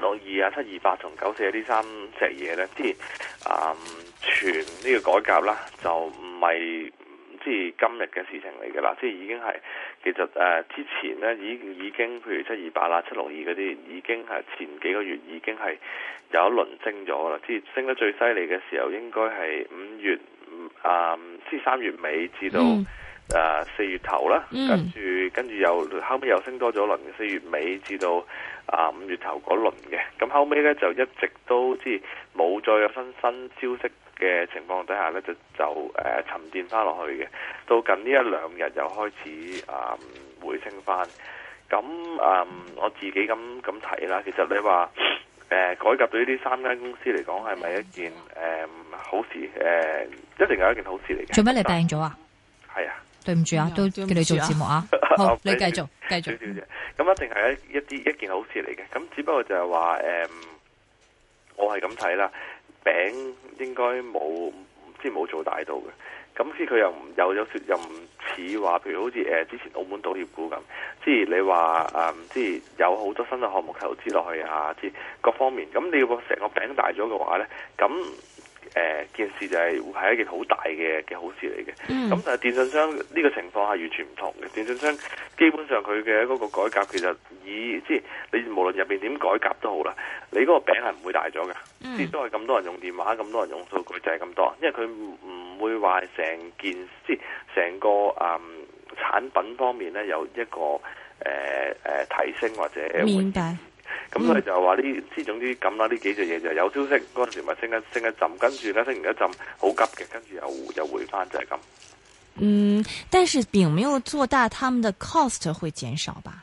六二啊七二八同九四呢三隻嘢呢，之前啊，全呢個改革啦，就唔係即係今日嘅事情嚟嘅啦，即係已經係其實誒之前呢，已已經，譬如七二八啦、七六二嗰啲，已經係前幾個月已經係有一輪升咗啦，即係升得最犀利嘅時候應該係五月啊，即係三月尾至到。誒、uh,，四月頭啦，跟住跟住又後尾又升多咗輪，四月尾至到啊五月頭嗰輪嘅，咁後尾呢就一直都即係冇再有新新消息嘅情況底下呢，就就誒、呃、沉澱翻落去嘅，到近呢一兩日又開始啊、嗯、回升翻，咁啊、嗯、我自己咁咁睇啦，其實你話誒、呃、改革對呢啲三間公司嚟講係咪一件誒、呃、好事？誒、呃，一定係一件好事嚟嘅。做乜你病咗、uh, 啊？係啊。對唔住啊，都叫你做節目啊，好，你繼續，繼續。咁一定係一一啲一件好事嚟嘅，咁只不過就係話誒，我係咁睇啦，餅應該冇，即係冇做大到嘅，咁即佢又又有說又唔似話，譬如好似誒之前澳門賭業股咁，即係你話誒，即、嗯、係有好多新嘅項目投資落去啊，即各方面，咁你要成個餅大咗嘅話咧。咁。誒、呃，件事就係、是、係一件好大嘅嘅好事嚟嘅。咁、嗯、但係電信商呢個情況係完全唔同嘅，電信商基本上佢嘅嗰個改革其實以即係你無論入邊點改革都好啦，你嗰個餅係唔會大咗嘅，即係都係咁多人用電話，咁、嗯、多人用數據就係咁多，因為佢唔會話成件即係成個誒、嗯、產品方面咧有一個誒誒、呃呃、提升或者誒。咁、嗯、佢、嗯、就話呢，種之總之咁啦，呢幾隻嘢就有消息，嗰陣時咪升一升一浸，跟住咧升完一浸，好急嘅，跟住又又回翻，就係、是、咁。嗯，但是並沒有做大，他們嘅 cost 會減少吧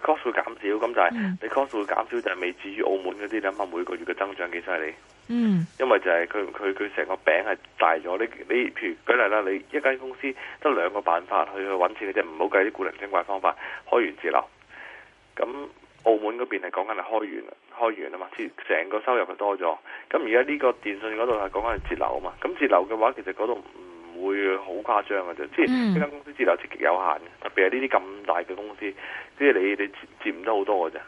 ？cost 會減少，咁就係，你 cost 會減少就係、是、未至於澳門嗰啲，你諗下每個月嘅增長幾犀利？嗯，因為就係佢佢佢成個餅係大咗，你你譬如舉例啦，你一間公司得兩個辦法去去搵錢嘅啫，唔好計啲古靈精怪方法開源節流，咁。澳門嗰邊係講緊係開源啊，開源啊嘛，即係成個收入就多咗。咁而家呢個電信嗰度係講緊係節流啊嘛，咁節流嘅話其實嗰度唔會好誇張嘅啫，即係呢間公司節流極極有限嘅，特別係呢啲咁大嘅公司，即係你你佔佔得好多嘅啫。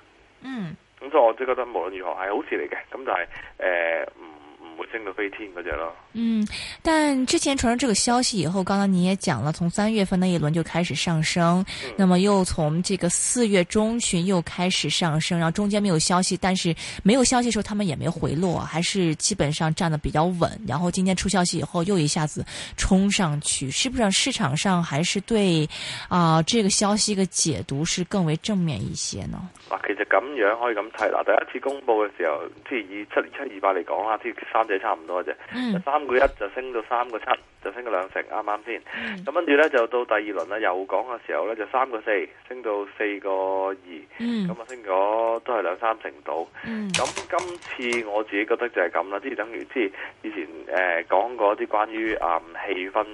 嗯。咁所以我就覺得無論如何係好事嚟嘅，咁就係誒唔。呃活升到飛天嗰隻咯。嗯，但之前傳出這個消息以後，剛剛你也講了，從三月份那一輪就開始上升，嗯、那麼又從這個四月中旬又開始上升，然後中間沒有消息，但是沒有消息的時候，他們也沒回落，還是基本上站得比較穩。然後今天出消息以後，又一下子衝上去，是不是市場上還是對啊、呃、這個消息的解讀是更為正面一些呢？其實咁樣可以咁睇，嗱，第一次公佈嘅時候，即係以七七二八嚟講啊，即係三。即差唔多啫，三個一就升到三個七，就升咗兩成，啱啱先。咁跟住呢，就到第二輪啦，又講嘅時候呢，就三個四升到四個二，咁啊升咗都係兩三成度。咁、嗯、今次我自己覺得就係咁啦，即係等於即係以前誒、呃、講過啲關於誒、嗯、氣氛，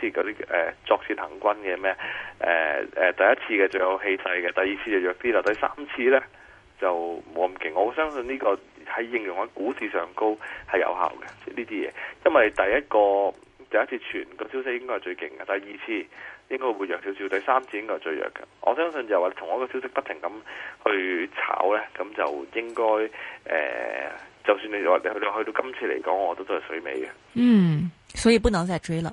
即係嗰啲誒作戰行軍嘅咩誒誒，第一次嘅最有氣勢嘅，第二次就弱啲啦，第三次呢就冇咁勁。我相信呢、呢個。係應用喺股市上高係有效嘅呢啲嘢，因為第一個，第一次傳個消息應該係最勁嘅，第二次應該會弱少少，第三次應該係最弱嘅。我相信就係話同一個消息不停咁去炒咧，咁就應該誒、呃，就算你話你去到今次嚟講，我都都係水尾嘅。嗯，所以不能再追了。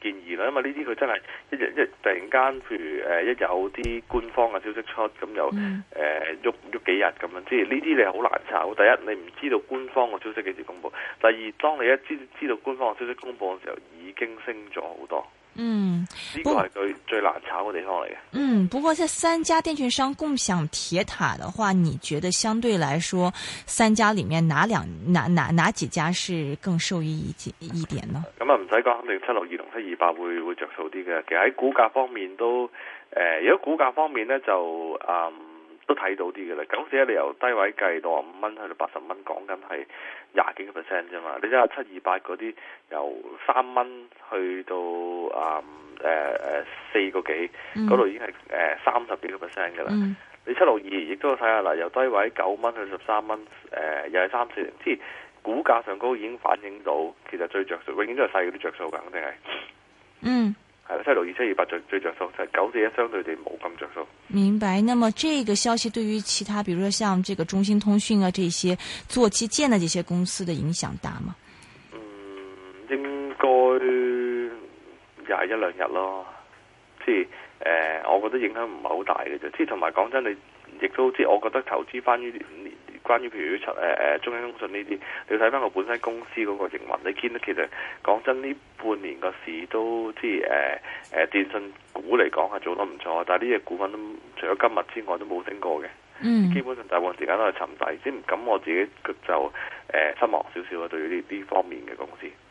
建議啦，因為呢啲佢真係一一突然間，譬如誒一、呃、有啲官方嘅消息出，咁又誒喐喐幾日咁樣。即係呢啲你係好難炒。第一，你唔知道官方嘅消息幾時公布；第二，當你一知知道官方嘅消息公佈嘅時候，已經升咗好多。嗯，呢、這個係最最難炒嘅地方嚟嘅。嗯，不過喺三家電訊商共享鐵塔嘅話，你覺得相對來說，三家裡面哪兩哪哪哪幾家是更受益一啲點呢？咁、嗯、啊，唔使講，肯定七六二二八會會著數啲嘅，其實喺股價方面都誒、呃，如果股價方面咧就嗯都睇到啲嘅啦。即使你由低位計到五蚊去到八十蚊，講緊係廿幾個 percent 啫嘛。你睇下七二八嗰啲由三蚊去到嗯誒誒四個幾，嗰度已經係誒三十幾個 percent 嘅啦。你七六二亦都睇下啦，由低位九蚊去十三蚊，誒、呃、又係三四成。即股價上高已經反映到，其實最着數永遠都係細嗰啲着數噶，肯定係，嗯，係啦，七六二、七二八最最着數，就係九四一相對地冇咁着數。明白。那麼這個消息對於其他，比如說像這個中興通訊啊，這些做基建的這些公司的影響大嗎？嗯，應該又係一兩日咯。即係誒，我覺得影響唔係好大嘅啫。即係同埋講真的，你亦都即係，我覺得投資翻呢五年。關於譬如出誒中興通訊呢啲，你要睇翻我本身公司嗰個營運，你見得其實講真的，呢半年個市都即係誒誒電信股嚟講係做得唔錯，但係呢隻股份都除咗今日之外都冇升過嘅、嗯，基本上大部分時間都係沉底，即係咁我自己就誒、呃、失望少少啊，對於呢呢方面嘅公司。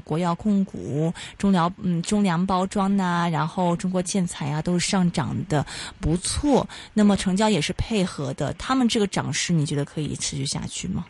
國藥控股、中糧嗯，中糧包裝啊，然後中國建材啊，都是上漲得不錯。那麼成交也是配合的，他們這個漲勢你覺得可以持續下去嗎？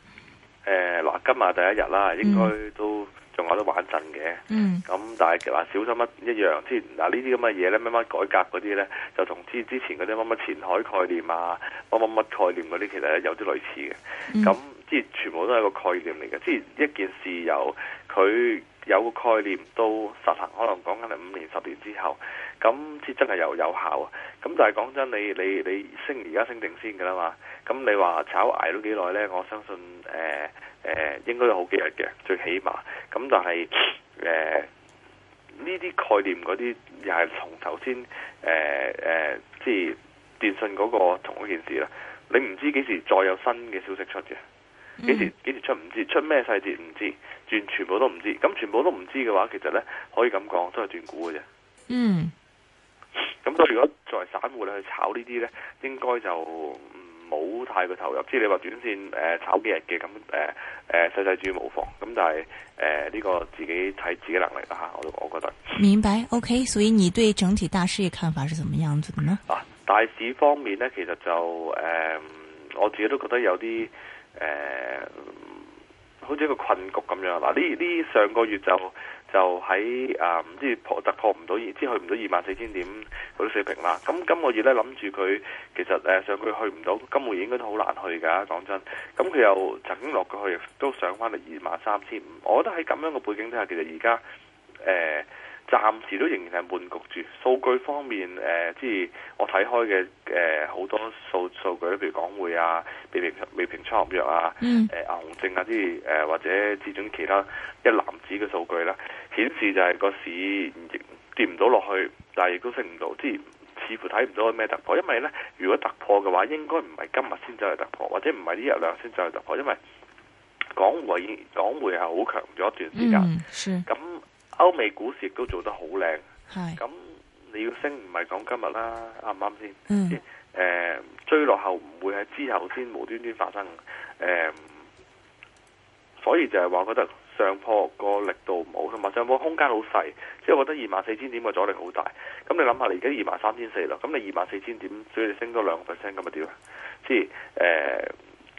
誒、呃，嗱，今日第一日啦，應該都仲有得玩陣嘅。嗯，咁、嗯嗯、但係其實小心乜一樣，之前嗱呢啲咁嘅嘢咧，乜乜改革嗰啲咧，就同之之前嗰啲乜乜前海概念啊，乜乜乜概念嗰啲其實有啲類似嘅。咁之前全部都係一個概念嚟嘅，之前一件事由佢。有個概念都實行，可能講緊係五年、十年之後，咁先真係又有，有效啊！咁但係講真，你你你升而家升定先㗎啦嘛？咁你話炒捱咗幾耐呢？我相信誒誒、呃呃、應該有好幾日嘅，最起碼。咁但係誒呢啲概念嗰啲，又係從頭先誒誒，即、呃、係電信嗰個同一件事啦。你唔知幾時再有新嘅消息出嘅。幾、嗯、時幾時出唔知？出咩細節唔知？轉全部都唔知。咁全部都唔知嘅話，其實呢可以咁講，都係斷估嘅啫。嗯。咁所以如果作為散戶你去炒呢啲呢，應該就唔好太過投入。即係你話短線誒、呃、炒幾日嘅咁誒誒，細細、呃呃、注無妨咁但係誒呢個自己睇自己能力啦吓。我我覺得。明白。OK。所以你對整體大市嘅看法是怎麼樣子呢啊，大市方面呢，其實就誒、呃，我自己都覺得有啲。誒、呃，好似一個困局咁樣。嗱，呢呢上個月就就喺啊唔知破突破唔到，即係去唔到二萬四千點嗰啲水平啦。咁今個月咧諗住佢，其實誒上個月去唔到，今個月應該都好難去噶。講真，咁佢又曾經落過去，都上翻嚟二萬三千五。我覺得喺咁樣嘅背景之下，其實而家，誒、呃。暫時都仍然係悶局住。數據方面，誒、呃，即係我睇開嘅誒，好、呃、多數數據咧，譬如港匯啊，美美平倉合約啊，誒、嗯，牛熊證啊，啲誒、呃，或者指準其他一籃子嘅數據啦，顯示就係個市跌唔到落去，但係亦都升唔到，即係似乎睇唔到咩突破。因為咧，如果突破嘅話，應該唔係今日先走去突破，或者唔係呢日兩日先走去突破，因為港匯港匯係好強咗一段時間，咁、嗯。歐美股市亦都做得好靚，咁你要升唔係講今日啦，啱唔啱先？誒、嗯，追落後唔會喺之後先無端端發生，誒、嗯，所以就係話覺得上坡個力度唔好，同埋上坡空間好細，即係我覺得二萬四千點個阻力好大，咁你諗下你而家二萬三千四啦，咁你二萬四千點所以你升多兩個 percent 咁啊點啊，即係誒。呃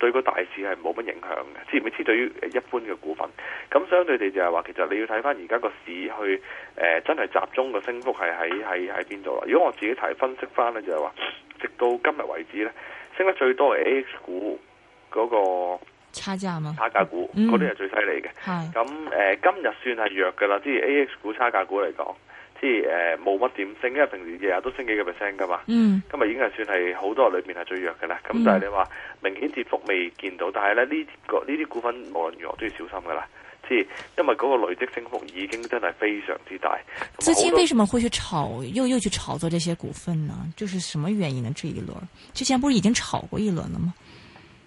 對個大市係冇乜影響嘅，自然係相對於一般嘅股份，咁相對地就係話，其實你要睇翻而家個市去，誒、呃、真係集中個升幅係喺喺喺邊度啦。如果我自己提分析翻咧，就係話，直到今日為止咧，升得最多係 A X 股嗰、那個差價嘛，差價股嗰啲係最犀利嘅。係，咁誒、呃、今日算係弱噶啦，即係 A X 股差價股嚟講。即係誒，冇乜點升，因為平時日日都升幾個 percent 噶嘛，咁、嗯、啊已經係算係好多裏邊係最弱嘅啦。咁、嗯、但係你話明顯跌幅未見到，但係咧呢個呢啲股份無論如何都要小心噶啦。即係因為嗰個累積升幅已經真係非常之大。資金為什麼會去炒，又又去炒作這些股份呢？就是什麼原因呢？這一輪之前不是已經炒過一輪了嗎？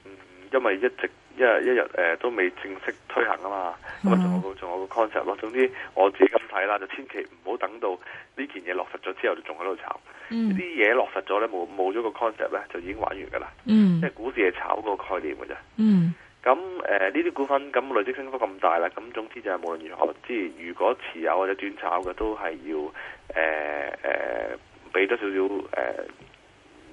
嗯、因為一直。一日一日誒都未正式推行啊嘛，咁、mm-hmm. 仲有個仲有個 concept 咯。總之我自己咁睇啦，就千祈唔好等到呢件嘢落實咗之後，就仲喺度炒。呢啲嘢落實咗咧，冇冇咗個 concept 咧，就已經玩完噶啦。嗯、mm-hmm.，即係股市係炒個概念嘅啫。嗯、mm-hmm.，咁誒呢啲股份咁累積升幅咁大啦，咁總之就係無論如何，即係如果持有或者轉炒嘅，都係要誒誒俾多少少誒。呃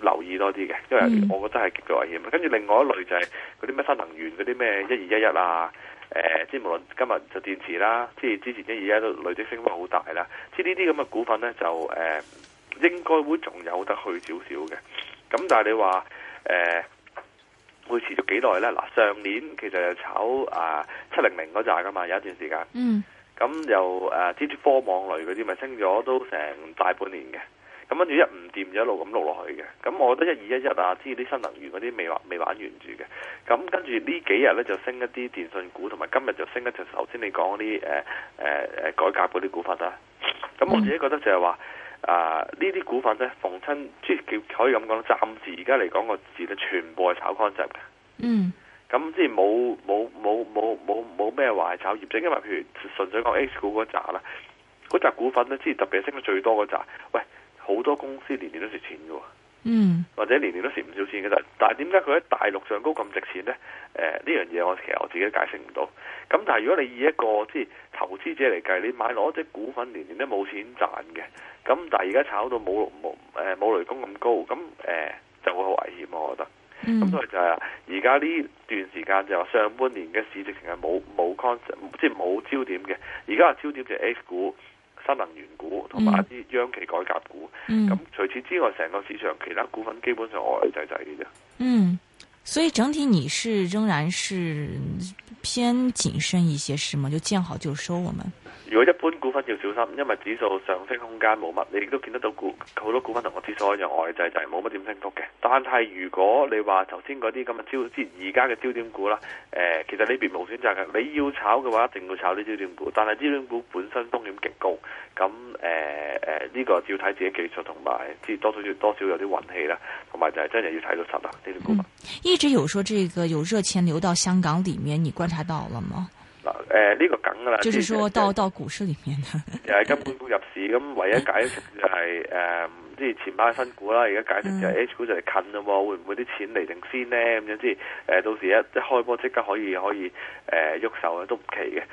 留意多啲嘅，因為我覺得係極度危險。嗯。跟住另外一類就係嗰啲咩新能源嗰啲咩一二一一啊，誒、呃，即係無論今日就電池啦，即係之前一二一都累積升幅好大啦。即係呢啲咁嘅股份呢，就誒、呃、應該會仲有得去少少嘅。咁但係你話誒、呃、會持續幾耐呢？嗱、呃，上年其實又炒啊七零零嗰扎噶嘛，有一段時間。嗯。咁又誒之前科網類嗰啲咪升咗都成大半年嘅。咁跟住一唔掂就一路咁落落去嘅，咁我覺得一二一一啊，之前啲新能源嗰啲未玩未玩完住嘅，咁跟住呢幾日呢，就升一啲電信股，同埋今日就升一隻頭先你講嗰啲誒改革嗰啲股份啦、啊。咁我自己覺得就係話，啊呢啲股份呢，逢親即係可以咁講，暫時而家嚟講個市咧，全部係炒概念嘅。嗯。咁即係冇冇冇冇冇冇咩話炒業績，因為譬如純粹講 H 股嗰扎啦，嗰扎股份呢，之前特別升得最多嗰扎，喂。好多公司年年都蝕錢嘅，或者年年都蝕唔少錢嘅啦。但係點解佢喺大陸上高咁值錢咧？誒、呃，呢樣嘢我其實我自己都解釋唔到。咁但係如果你以一個即係投資者嚟計，你買攞隻股份年年都冇錢賺嘅，咁但係而家炒到冇冇誒冇雷公咁高，咁誒、呃、就會好危險。我覺得咁所以就係而家呢段時間就上半年嘅市值係冇冇 concept 即係冇焦點嘅。而家焦點就係 A 股。新能源股同埋一啲央企改革股，咁、嗯嗯、除此之外，成個市場其他股份基本上呆仔仔嘅啫。嗯，所以整體你是仍然是偏謹慎一些，是嗎？就見好就收，我們。如果一般。要小心，因為指數上升空間冇乜，你亦都見得到股好多股份同我指數一樣外滯，就係冇乜點升幅嘅。但係如果你話頭先嗰啲咁嘅焦點，即係而家嘅焦點股啦，誒，其實呢邊冇選擇嘅。你要炒嘅話，一定要炒啲焦點股，但係焦點股本身風險極高。咁誒誒，呢個就要睇自己技術同埋，即多多少多少有啲運氣啦，同埋就係真係要睇到實啊！呢啲股一直有說這個有熱錢流到香港裡面，你觀察到了嗎？誒、呃，呢、這個梗噶啦，就是說到到，到股市裏面啦。誒，根本股入市，咁 唯一解釋就係、是、誒，即、呃、係前排新股啦。而家解釋就係 H 股就係近啦、嗯，會唔會啲錢嚟定先呢？咁樣即係，誒、呃，到時一一開波即刻可以可以誒喐、呃、手都唔奇嘅。咁、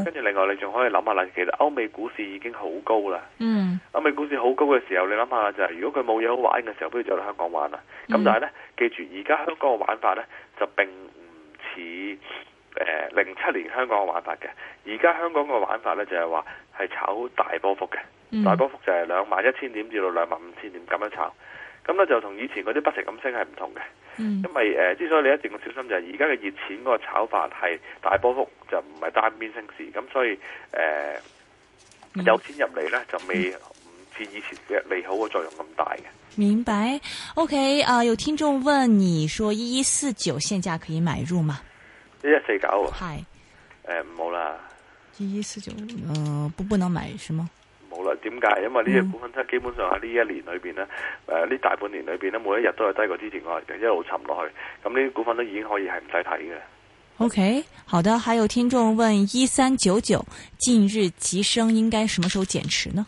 嗯，跟住另外你仲可以諗下啦。其實歐美股市已經好高啦。嗯。歐美股市好高嘅時候，你諗下就係、是，如果佢冇嘢好玩嘅時候，不如就到香港玩啦。咁但係咧、嗯，記住而家香港嘅玩法咧，就並唔似。誒、呃，零七年香港嘅玩法嘅，而家香港嘅玩法咧就係話係炒大波幅嘅、嗯，大波幅就係兩萬一千點至到兩萬五千點咁樣炒，咁咧就同以前嗰啲不停咁升係唔同嘅、嗯，因為誒、呃、之所以你一定要小心就係而家嘅熱錢嗰個炒法係大波幅就唔係單邊升市，咁所以誒、呃、有錢入嚟咧就未唔似以前嘅利好嘅作用咁大嘅、嗯嗯。明白，OK 啊、呃？有聽眾問你說一一四九現價可以買入嗎？一一四九，係，誒，冇啦。一一四九，嗯一一四九，呃，不不能買，是嗎？冇啦，點解？因為呢隻股份即係，基本上喺呢一年裏邊咧，誒、嗯，呢、呃、大半年裏邊咧，每一日都係低過之前嘅，一路沉落去，咁呢啲股份都已經可以係唔使睇嘅。OK，好的，還有聽眾問：一三九九近日急升，應該什麼時候減持呢？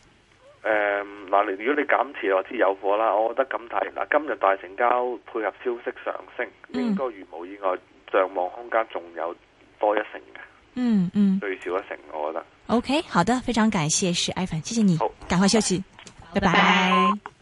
誒、嗯，嗱、呃，如果你減持，我知有貨啦，我覺得咁睇。嗱，今日大成交配合消息上升，應該如無意外，嗯上望空間仲有多一成嘅，嗯嗯，最少一成，我覺得。OK，好的，非常感謝，Ivan，謝謝你，好，趕快休息，拜拜。